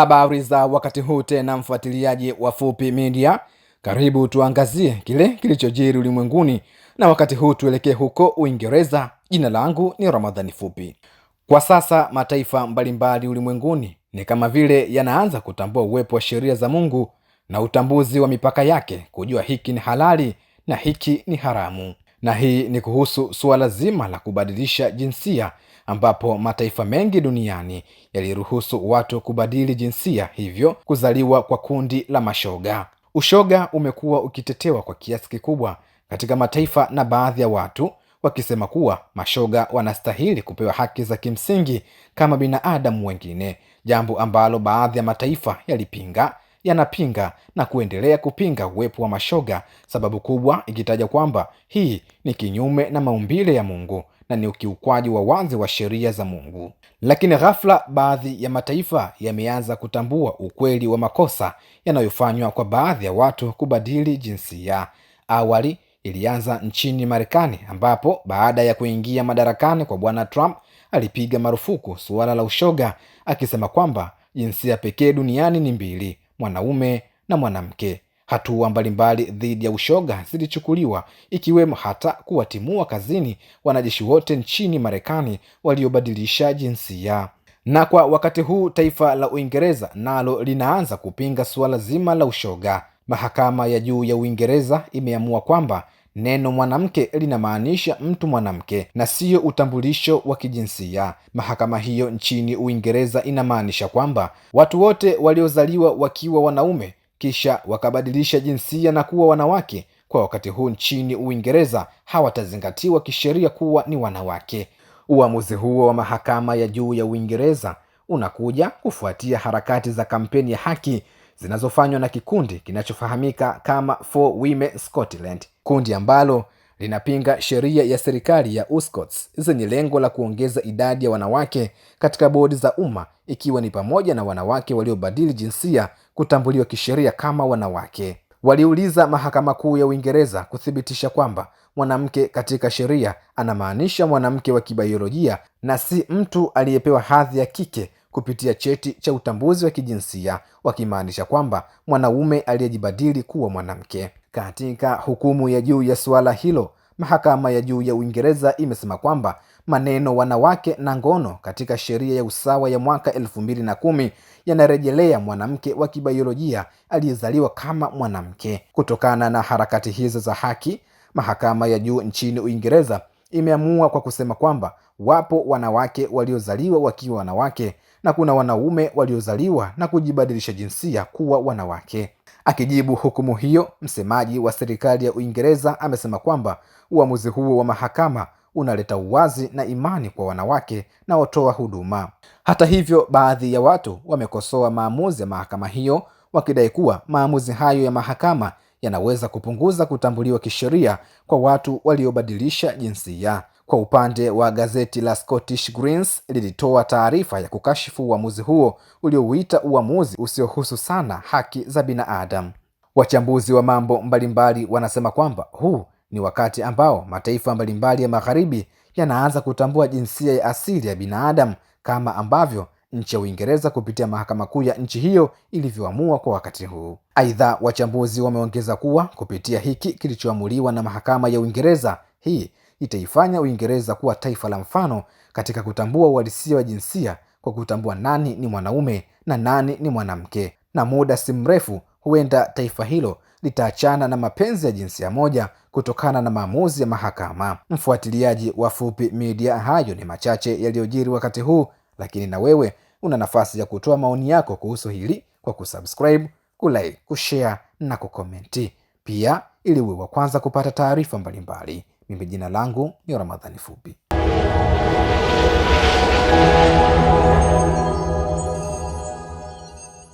Habari za wakati huu tena, mfuatiliaji wa Fupi Media, karibu tuangazie kile kilichojiri ulimwenguni, na wakati huu tuelekee huko Uingereza. Jina langu ni Ramadhani Fupi. Kwa sasa mataifa mbalimbali ulimwenguni ni kama vile yanaanza kutambua uwepo wa sheria za Mungu na utambuzi wa mipaka yake, kujua hiki ni halali na hiki ni haramu, na hii ni kuhusu suala zima la kubadilisha jinsia ambapo mataifa mengi duniani yaliruhusu watu kubadili jinsia, hivyo kuzaliwa kwa kundi la mashoga. Ushoga umekuwa ukitetewa kwa kiasi kikubwa katika mataifa na baadhi ya watu wakisema kuwa mashoga wanastahili kupewa haki za kimsingi kama binadamu wengine, jambo ambalo baadhi ya mataifa yalipinga yanapinga na kuendelea kupinga uwepo wa mashoga, sababu kubwa ikitaja kwamba hii ni kinyume na maumbile ya Mungu na ni ukiukwaji wa wazi wa sheria za Mungu. Lakini ghafla baadhi ya mataifa yameanza kutambua ukweli wa makosa yanayofanywa kwa baadhi ya watu kubadili jinsia. Awali ilianza nchini Marekani ambapo baada ya kuingia madarakani kwa Bwana Trump alipiga marufuku suala la ushoga akisema kwamba jinsia pekee duniani ni mbili, mwanaume na mwanamke. Hatua mbalimbali dhidi ya ushoga zilichukuliwa ikiwemo hata kuwatimua kazini wanajeshi wote nchini Marekani waliobadilisha jinsia. Na kwa wakati huu taifa la Uingereza nalo linaanza kupinga suala zima la ushoga. Mahakama ya juu ya Uingereza imeamua kwamba Neno mwanamke linamaanisha mtu mwanamke na siyo utambulisho wa kijinsia. Mahakama hiyo nchini Uingereza inamaanisha kwamba watu wote waliozaliwa wakiwa wanaume kisha wakabadilisha jinsia na kuwa wanawake kwa wakati huu nchini Uingereza hawatazingatiwa kisheria kuwa ni wanawake. Uamuzi huo wa mahakama ya juu ya Uingereza unakuja kufuatia harakati za kampeni ya haki zinazofanywa na kikundi kinachofahamika kama For Women Scotland kundi ambalo linapinga sheria ya serikali ya Uscots zenye lengo la kuongeza idadi ya wanawake katika bodi za umma ikiwa ni pamoja na wanawake waliobadili jinsia kutambuliwa kisheria kama wanawake. Waliuliza mahakama kuu ya Uingereza kuthibitisha kwamba mwanamke katika sheria anamaanisha mwanamke wa kibaiolojia na si mtu aliyepewa hadhi ya kike kupitia cheti cha utambuzi wa kijinsia, wakimaanisha kwamba mwanaume aliyejibadili kuwa mwanamke. Katika hukumu ya juu ya suala hilo, mahakama ya juu ya Uingereza imesema kwamba maneno wanawake na ngono katika sheria ya usawa ya mwaka elfu mbili na kumi yanarejelea mwanamke wa kibaiolojia aliyezaliwa kama mwanamke. Kutokana na harakati hizo za haki, mahakama ya juu nchini Uingereza imeamua kwa kusema kwamba wapo wanawake waliozaliwa wakiwa wanawake na kuna wanaume waliozaliwa na kujibadilisha jinsia kuwa wanawake. Akijibu hukumu hiyo, msemaji wa serikali ya Uingereza amesema kwamba uamuzi huo wa mahakama unaleta uwazi na imani kwa wanawake na watoa huduma. Hata hivyo, baadhi ya watu wamekosoa maamuzi ya mahakama hiyo wakidai kuwa maamuzi hayo ya mahakama yanaweza kupunguza kutambuliwa kisheria kwa watu waliobadilisha jinsia. Kwa upande wa gazeti la Scottish Greens lilitoa taarifa ya kukashifu uamuzi huo uliouita uamuzi usiohusu sana haki za binadamu. Wachambuzi wa mambo mbalimbali wanasema kwamba huu ni wakati ambao mataifa mbalimbali ya Magharibi yanaanza kutambua jinsia ya asili ya binadamu kama ambavyo nchi ya Uingereza kupitia mahakama kuu ya nchi hiyo ilivyoamua kwa wakati huu. Aidha, wachambuzi wameongeza kuwa kupitia hiki kilichoamuliwa na mahakama ya Uingereza, hii itaifanya Uingereza kuwa taifa la mfano katika kutambua uhalisia wa jinsia kwa kutambua nani ni mwanaume na nani ni mwanamke, na muda si mrefu huenda taifa hilo litaachana na mapenzi ya jinsia moja kutokana na maamuzi ya mahakama. Mfuatiliaji wa Fupi Media, hayo ni machache yaliyojiri wakati huu, lakini na wewe una nafasi ya kutoa maoni yako kuhusu hili kwa kusubscribe, kulike, kushare na kukomenti, pia ili uwe wa kwanza kupata taarifa mbalimbali. Mimi jina langu ni Ramadhani Fupi.